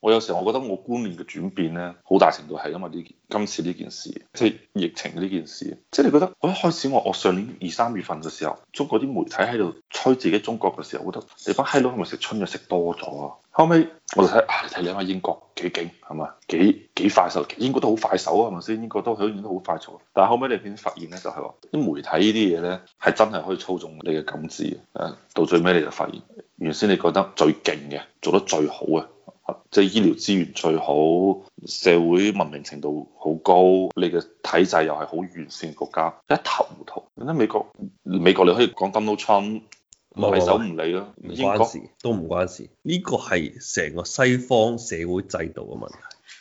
我有時候我覺得我觀念嘅轉變呢，好大程度係因為呢今次呢件事，即係疫情呢件事。即係你覺得我一開始我我上年二三月份嘅時候，中國啲媒體喺度吹自己中國嘅時候，我覺得你班閪佬係咪食春藥食多咗啊？後尾我就睇啊，你睇你阿英國幾勁係嘛？幾幾快手，英國都好快手啊，係咪先？英國都響度都好快速。但係後尾你先發現咧、就是，就係話啲媒體呢啲嘢呢，係真係可以操縱你嘅感知。到最尾你就發現，原先你覺得最勁嘅，做得最好嘅，即係醫療資源最好，社會文明程度好高，你嘅體制又係好完善嘅國家，一頭唔同，點解美國美國你可以講 Donald Trump，唔係手唔理咯，唔國關事，都唔關事。呢、這個係成個西方社會制度嘅問題。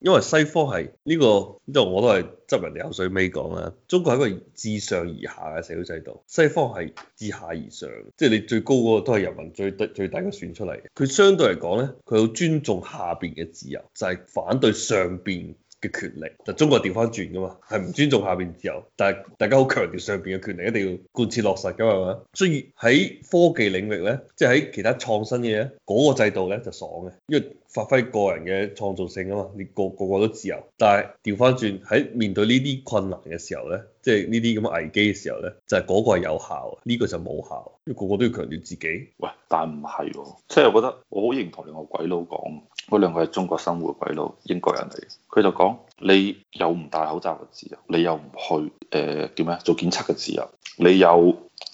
因為西方係呢個，呢度我都係執人哋口水尾講啦。中國係一個自上而下嘅社會制度，西方係自下而上，即係你最高嗰個都係人民最得最大嘅選出嚟。佢相對嚟講咧，佢好尊重下邊嘅自由，就係反對上邊，嘅權力，就中國調翻轉噶嘛，係唔尊重下邊自由，但係大家好強調上邊嘅權力一定要貫徹落實噶嘛，係嘛，所以喺科技領域咧，即係喺其他創新嘅嘢嗰、那個制度咧就爽嘅，因為發揮個人嘅創造性啊嘛，你個個個都自由，但係調翻轉喺面對呢啲困難嘅時候咧。即係呢啲咁嘅危機嘅時候咧，就係、是、嗰個係有效，呢、這個就冇效，因為個個都要強調自己。喂，但係唔係喎，即係我覺得我好認同個兩個鬼佬講，嗰兩個係中國生活鬼佬，英國人嚟嘅。佢就講你有唔戴口罩嘅自、呃、自由，你有唔去誒叫咩做檢測嘅自由，你有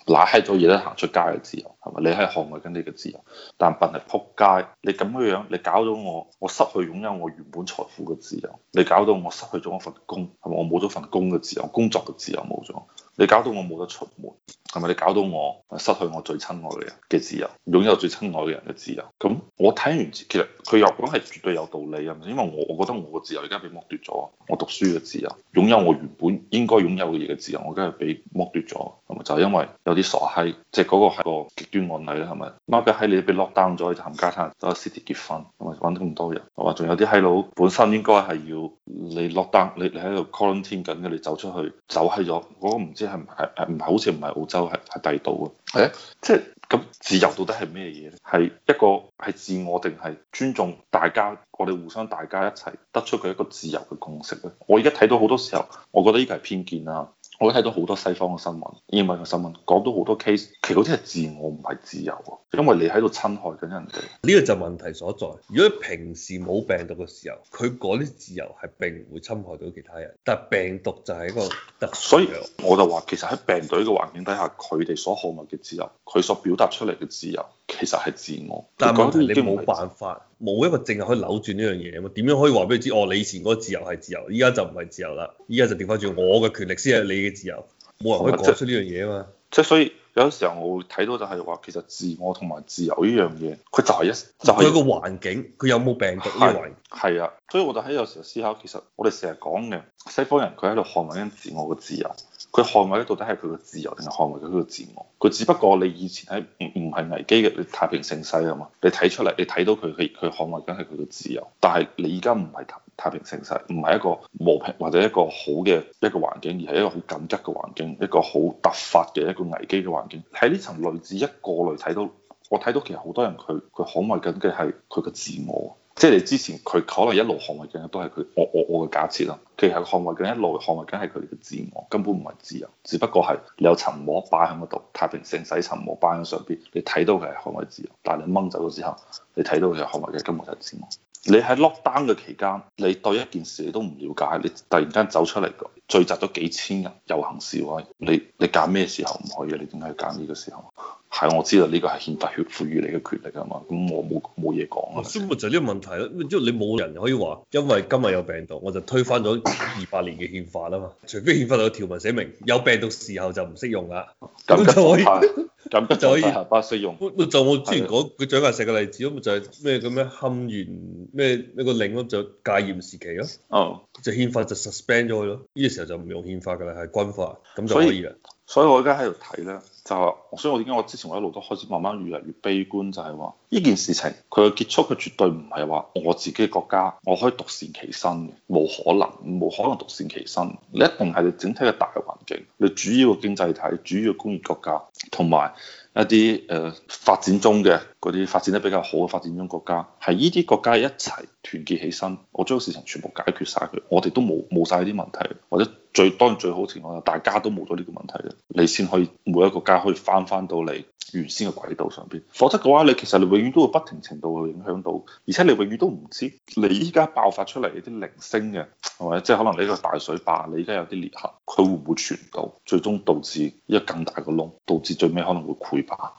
攋閪咗嘢都行出街嘅自由。係咪？你係捍衛緊你嘅自由，但笨係撲街。你咁嘅樣，你搞到我，我失去擁有我原本財富嘅自由。你搞到我失去咗我份工，係咪？我冇咗份工嘅自由，工作嘅自由冇咗。你搞到我冇得出門，係咪？你搞到我失去我最親愛嘅人嘅自由，擁有最親愛嘅人嘅自由。咁我睇完，其實佢又講係絕對有道理啊。因為我覺得我嘅自由而家俾剝奪咗，我讀書嘅自由，擁有我原本應該擁有嘅嘢嘅自由，我梗係俾剝奪咗。係咪？就係、是、因為有啲傻閪，即係嗰個係個極案例啦，係咪？某啲喺你俾落單咗，你就冚家鏟，走去 city 結婚，同埋揾咁多人，我話仲有啲閪佬本身應該係要 down，你落單，你你喺度 quarantine 緊嘅，你走出去走喺咗，嗰個唔知係唔係唔係好似唔係澳洲係係第二度啊？係啊的，嗯、即係咁自由到底係咩嘢咧？係一個係自我定係尊重大家，我哋互相大家一齊得出佢一個自由嘅共識咧。我而家睇到好多時候，我覺得呢個係偏見啦、啊。我都睇到好多西方嘅新聞，英文嘅新聞，講到好多 case，其實嗰啲係自我唔係自由，啊，因為你喺度侵害緊人哋，呢個就係問題所在。如果平時冇病毒嘅時候，佢嗰啲自由係並唔會侵害到其他人，但係病毒就係一個特，所以我就話其實喺病毒呢個環境底下，佢哋所渴望嘅自由，佢所表達出嚟嘅自由。其實係自我，但係問題你冇辦法，冇一個淨係可以扭轉呢樣嘢啊嘛？點樣可以話俾佢知？哦，你以前嗰個自由係自由，依家就唔係自由啦，依家就變翻轉我嘅權力先係你嘅自由，冇人可以講出呢樣嘢啊嘛！即係所以。有啲時候我會睇到就係話，其實自我同埋自由呢樣嘢，佢就係一就係一個環境，佢有冇病毒依圍。係啊的，所以我就喺有時候思考，其實我哋成日講嘅西方人，佢喺度捍衛緊自我嘅自由，佢捍衛到底係佢嘅自由，定係捍衛緊佢嘅自我？佢只不過你以前喺唔唔係危機嘅你太平盛世啊嘛，你睇出嚟，你睇到佢佢佢捍衛緊係佢嘅自由，但係你而家唔係。太平盛世唔係一個和平或者一個好嘅一個環境，而係一個好緊急嘅環境，一個好突發嘅一個危機嘅環境。喺呢層層次一過濾睇到，我睇到其實好多人佢佢捍衛緊嘅係佢個自我，即係你之前佢可能一路捍衛緊嘅都係佢我我我嘅假設啦。其實捍衛緊一路捍衛緊係佢哋嘅自我，根本唔係自由，只不過係你有沉沒擺喺嗰度，太平盛世沉沒擺喺上邊，你睇到佢係捍衛自由，但係你掹走咗之後，你睇到佢係捍衛嘅根本就係自我。你喺 lockdown 嘅期間，你對一件事你都唔了解，你突然間走出嚟聚集咗幾千人遊行示威，你你揀咩時候唔可以？你點解揀呢個時候？係，我知道呢個係憲法血賦予你嘅權力啊嘛，咁我冇冇嘢講啊。所以咪就呢個問題咯，因為你冇人可以話，因為今日有病毒，我就推翻咗二百年嘅憲法啦嘛。除非憲法有條文寫明，有病毒時候就唔適用啦、啊，咁就可以，咁 就可以合法使用就。就我之前講佢蔣介石嘅例子，咪就係咩咁樣陷完咩一個令咯，就戒嚴時期咯。哦、嗯。就憲法就 suspend 咗佢咯，呢個時候就唔用憲法㗎啦，係軍法，咁就可以啦。所以我而家喺度睇咧，就話，所以我點解我之前我一路都開始慢慢越嚟越悲觀，就係話呢件事情佢嘅結束，佢絕對唔係話我自己嘅國家我可以獨善其身嘅，冇可能，冇可能獨善其身。你一定係你整體嘅大環境，你主要嘅經濟體，主要嘅工業國家同埋。一啲誒發展中嘅嗰啲發展得比較好嘅發展中國家，係呢啲國家一齊團結起身，我將個事情全部解決晒，佢，我哋都冇冇曬啲問題，或者最當然最好情況就大家都冇咗呢個問題，你先可以每一個國家可以翻翻到你原先嘅軌道上邊。否則嘅話你其實你永遠都會不停程度去影響到，而且你永遠都唔知你依家爆發出嚟啲零星嘅係咪，即係、即係、可能你個大水壩你依家有啲裂痕，佢會唔會傳到？最終導致一個更大個窿，導致最尾可能會潰壩。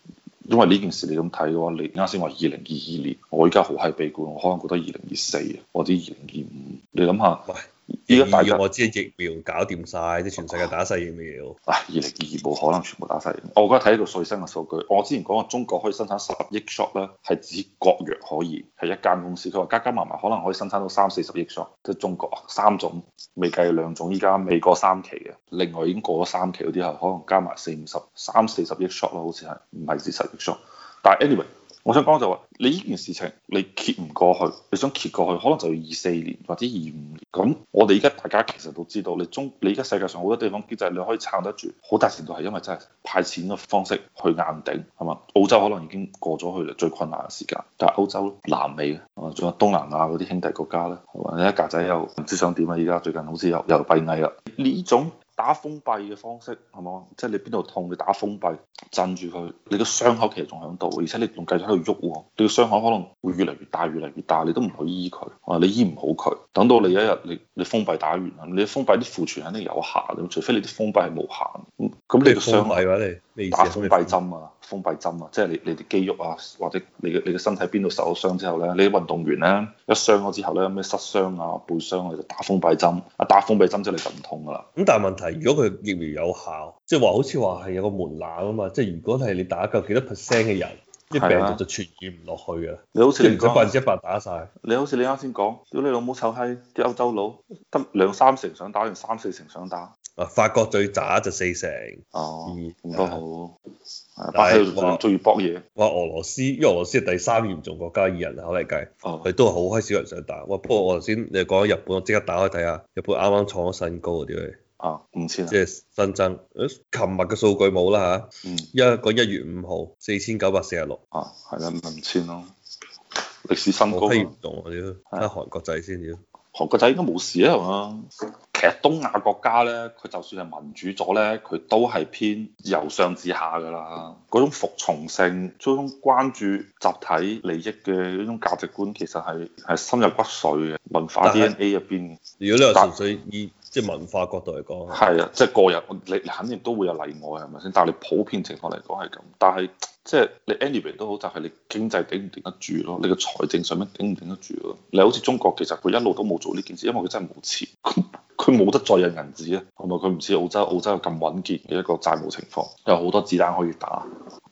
因為呢件事你咁睇嘅話，你啱先話二零二二年，我依家好閪悲觀，我可能覺得二零二四，或者二零二五。你諗下。而家大約我知疫苗搞掂晒，啲全世界打晒疫苗。唉、啊，二零二二冇可能全部打晒疫苗。我而家睇呢度最新嘅數據，我之前講過中國可以生產十億 shot 咧，係指國藥可以，係一間公司。佢話加加埋埋可能可以生產到三四十億 shot，即係中國啊，三種未計兩種，依家未過三期嘅，另外已經過咗三期嗰啲係可能加埋四五十三四十億 shot 咯，好似係唔係只十億 shot？但係 anyway。我想講就話你呢件事情你揭唔過去，你想揭過去可能就要二四年或者二五年咁。我哋而家大家其實都知道，你中你而家世界上好多地方經濟你可以撐得住，好大程度係因為真係派錢嘅方式去硬頂係嘛？澳洲可能已經過咗去啦，最困難嘅時間，但係歐洲、南美啊，仲有東南亞嗰啲兄弟國家咧，係嘛？你阿格仔又唔知想點啊？而家最近好似又又閉翳啦，呢種。打封閉嘅方式係嘛？即係、就是、你邊度痛，你打封閉鎮住佢。你個傷口其實仲喺度，而且你仲繼續喺度喐喎。你個傷口可能會越嚟越大，越嚟越大，你都唔可以醫佢。哇！你醫唔好佢，等到你一日你你封閉打完啦，你封閉啲庫存肯定有限，除非你啲封閉係無限。咁你個傷，打封閉針啊，封閉針啊，針啊即係你你啲肌肉啊，或者你嘅你嘅身體邊度受咗傷之後咧，你啲運動員咧一傷咗之後咧，咩失傷啊、背傷啊，你就打封閉針，啊，打封閉針之後你就唔痛㗎喇。咁但係問題，如果佢疫苗有效，即係話好似話係有個門檻啊嘛，即係如果係你打夠幾多 percent 嘅人。啲病毒就傳染唔落去嘅，你好似唔使百分之一百打晒。你好似你啱先講，屌你老母臭閪，啲歐洲佬得兩三成想打，定三四成想打。啊，法國最渣就四成。哦，都、啊、好。但係最要博嘢。哇，俄羅斯，因為俄羅斯第三嚴重國家，以人口嚟計，佢、哦、都好閪少人想打。哇，不過我頭先你講日本，我即刻打開睇下，日本啱啱創咗新高點啊！啊，五千啊，即係新增，誒，琴日嘅數據冇啦吓，嗯，一個一月五號，四千九百四十六，啊，係啦，五千咯，歷史新高，啊，我批唔動啊屌，睇韓國仔先屌，韓國仔應該冇事啊係嘛、嗯，其實東亞國家咧，佢就算係民主咗咧，佢都係偏由上至下噶啦，嗰種服從性，嗰種關注集體利益嘅呢種價值觀，其實係係深入骨髓嘅，文化 D N A 入邊，如果你話純粹以即文化角度嚟講啊，係啊，即係個人，你肯定都會有例外係咪先？但係你普遍情況嚟講係咁。但係即係你 anyway 都好，就係你經濟頂唔頂得住咯，你個財政上面頂唔頂得住咯。你好似中國，其實佢一路都冇做呢件事，因為佢真係冇錢，佢佢冇得再印銀紙啊。同埋佢唔似澳洲，澳洲有咁穩健嘅一個債務情況，有好多子彈可以打。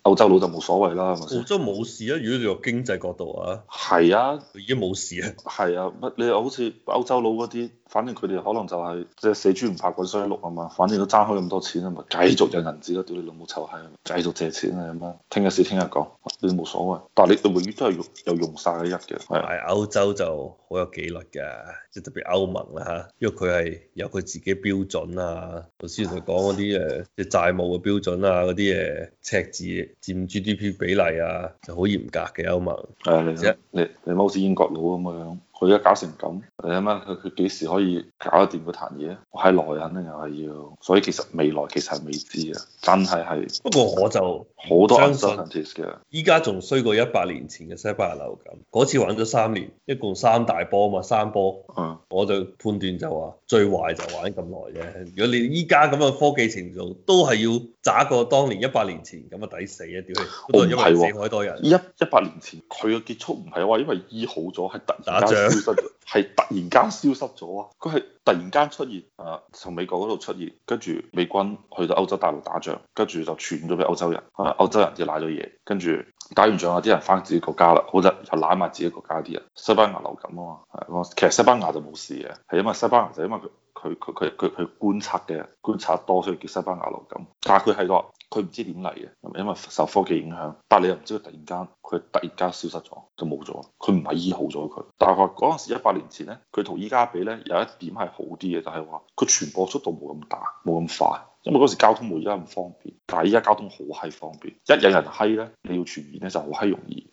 歐洲佬就冇所謂啦，澳洲冇事啊！如果你由經濟角度啊，係啊，已經冇事啊，係啊，乜你好似歐洲佬嗰啲，反正佢哋可能就係即係死豬唔怕滾水淥啊嘛，反正都掙開咁多錢啊嘛，繼續有銀紙咯，屌你老母臭閪，繼續借錢啊咁樣，聽日事聽日講，你冇所謂。但係你永遠都係用又用曬一嘅，係歐洲就好有紀律㗎，即係特別歐盟啦嚇，因為佢係有佢自己標準啊，頭先佢講嗰啲誒即係債務嘅標準啊嗰啲誒赤字。佔 GDP 比例啊，就好嚴格嘅，歐盟誒，你你你唔好似英國佬咁樣。佢而家搞成咁，你諗下佢佢幾時可以搞得掂嗰壇嘢咧？喺耐肯定又係要，所以其實未來其實係未知啊，真係係。不過我就好很多 uncertainties 嘅，依家仲衰過一百年前嘅西班牙流感，嗰次玩咗三年，一共三大波啊嘛，三波。嗯。我就判斷就話最壞就玩咁耐啫。如果你依家咁嘅科技程度，都係要揸過當年一百年前咁啊，抵死啊！屌你，都係因為死海多人。唔係喎。一一百年前佢嘅結束唔係話因為醫好咗，係突然間。打仗。 其實係突然間消失咗啊！佢係突然間出現啊，從美國嗰度出現，跟住美軍去到歐洲大陸打仗，跟住就傳咗俾歐洲人，啊，歐洲人就攋咗嘢，跟住打完仗有啲人翻自己國家啦，好就又攋埋自己國家啲人。西班牙流感啊嘛，其實西班牙就冇事嘅，係因為西班牙就因為佢佢佢佢佢觀察嘅觀察多，所以叫西班牙流感。但係佢係個。佢唔知點嚟嘅，因為受科技影響，但係你又唔知佢突然間佢突然間消失咗，就冇咗。佢唔係醫好咗佢，但係話嗰陣時一百年前咧，佢同依家比呢，有一點係好啲嘅，就係話佢傳播速度冇咁大，冇咁快，因為嗰時交通冇而家咁方便。但係依家交通好閪方便，一有人閪呢，你要傳染呢就好閪容易。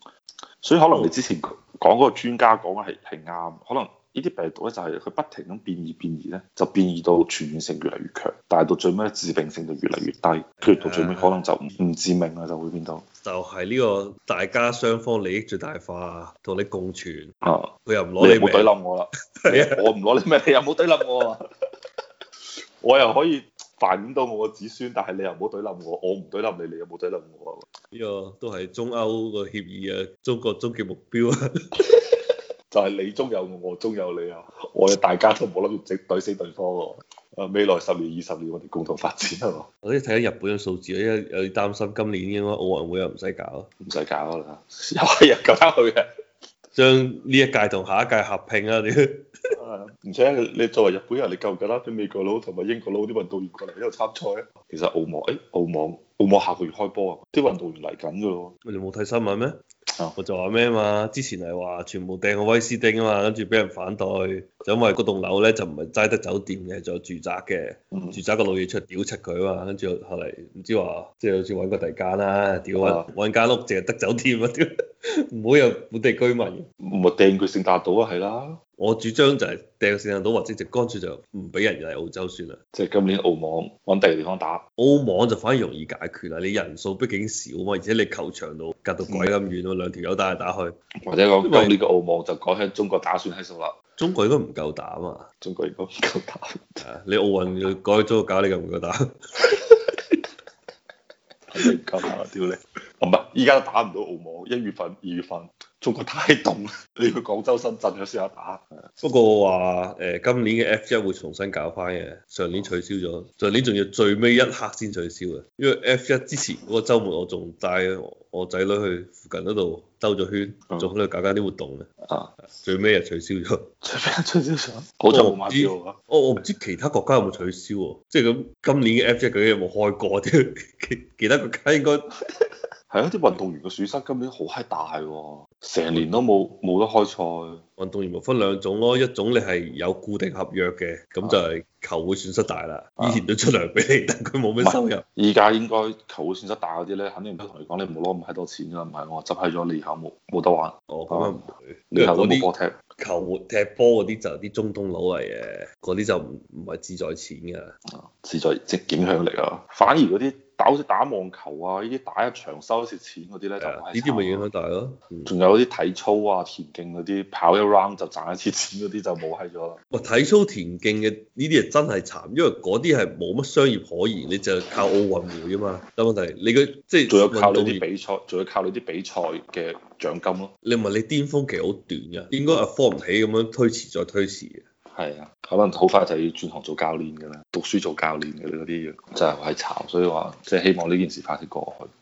所以可能你之前講嗰個專家講嘅係係啱，可能。呢啲病毒咧就係佢不停咁變異變異咧，就變異到傳染性越嚟越強，但係到最尾致病性就越嚟越低，跟住到最尾可能就唔唔致命啦，就會變到就係呢個大家雙方利益最大化，同你共存啊，佢又唔攞你命，你唔好㨃冧我啦， 我唔攞你命，你又唔好㨃冧我， 我又可以繁衍到我個子孫，但係你又唔好㨃冧我，我唔㨃冧你，你又唔好㨃冧我。呢個都係中歐個協議啊，中國終極目標啊。 就係你中有我，我中有你啊！我哋大家都冇諗住整懟死對方啊。未來十年、二十年，我哋共同發展啊！我哋睇下日本嘅數字啊，因為有啲擔心，今年應該奧運會又唔使搞，啊。唔使搞啦，又係夠膽去啊！將呢一屆同下一屆合併啊！你啊， 而且你作為日本人，你夠唔夠膽俾美國佬同埋英國佬啲運動員過嚟呢度參賽啊？其實澳網，誒澳網。會唔會下個月開波啊！啲運動員嚟緊噶咯，你冇睇新聞咩？我就話咩啊嘛？之前係話全部訂個威斯汀啊嘛，跟住俾人反對，就因為嗰棟樓咧就唔係齋得酒店嘅，仲有住宅嘅，嗯、住宅個老嘢出屌柒佢啊嘛，跟住後嚟唔知話即係好似揾過第間啦，屌揾揾間屋淨係得酒店啊 唔 好有本地居民，唔係掟佢聖誕島啊，係啦。我主張就係掟聖誕島，或者直乾脆就唔俾人嚟澳洲算啦。即係今年澳網，搵第二地方打澳網就反而容易解決啦。你人數畢竟少嘛，而且你球場度隔到鬼咁遠咯，兩條友打嚟打去，或者講呢為個澳網就講起中國打算喺度啦。中國應該唔夠打嘛？中國亦都唔夠打，你奧運改咗個假，你夠唔夠打？夠唔夠打啊？屌你！依家都打唔到澳網，一月份、二月份中國太凍，你要去廣州、深圳有時候打。不過我話、呃、今年嘅 F 一會重新搞翻嘅，上年取消咗，上、啊、年仲要最尾一刻先取消嘅，因為 F 一之前嗰個週末我仲帶我仔女去附近嗰度兜咗圈，仲喺度搞緊啲活動嘅。啊，最尾又取消咗，最尾取消咗，我唔知，我唔知其他國家有冇取消，即係咁今年嘅 F 一究竟有冇開過？啲 其其他國家應該。 係啊，啲運動員嘅損失今年好閪大喎，成年都冇冇得開賽。運動員咪、哦、分兩種咯，一種你係有固定合約嘅，咁就係球會損失大啦，啊、以前都出糧俾你，但佢冇咩收入。而家應該球會損失大嗰啲咧，肯定唔得同你講，你唔好攞咁閪多錢啦，唔係我執起咗你以後冇冇得玩。我咁樣唔會。你以後都冇波踢。球踢波嗰啲就係啲中東佬嚟嘅，嗰啲就唔唔係志在錢噶、啊，志在即影響力啊。反而嗰啲。好似打，打網球啊，呢啲打一場收一次錢嗰啲咧就，呢啲咪影響大咯。仲、嗯、有啲體操啊、田徑嗰啲，跑一 round 就賺一次錢嗰啲就冇係咗啦。哇，體操田徑嘅呢啲啊真係慘，因為嗰啲係冇乜商業可言，你就係靠奧運會啊嘛。但就是、有問題，你嘅即係仲要靠你啲比賽，仲要靠你啲比賽嘅獎金咯。你咪你巔峰期好短啊，應該係放唔起咁樣推遲再推遲嘅。係啊，可能好快就要轉行做教練嘅啦，讀書做教練嘅咧嗰啲就係、係、吵，所以話即係希望呢件事快啲過去。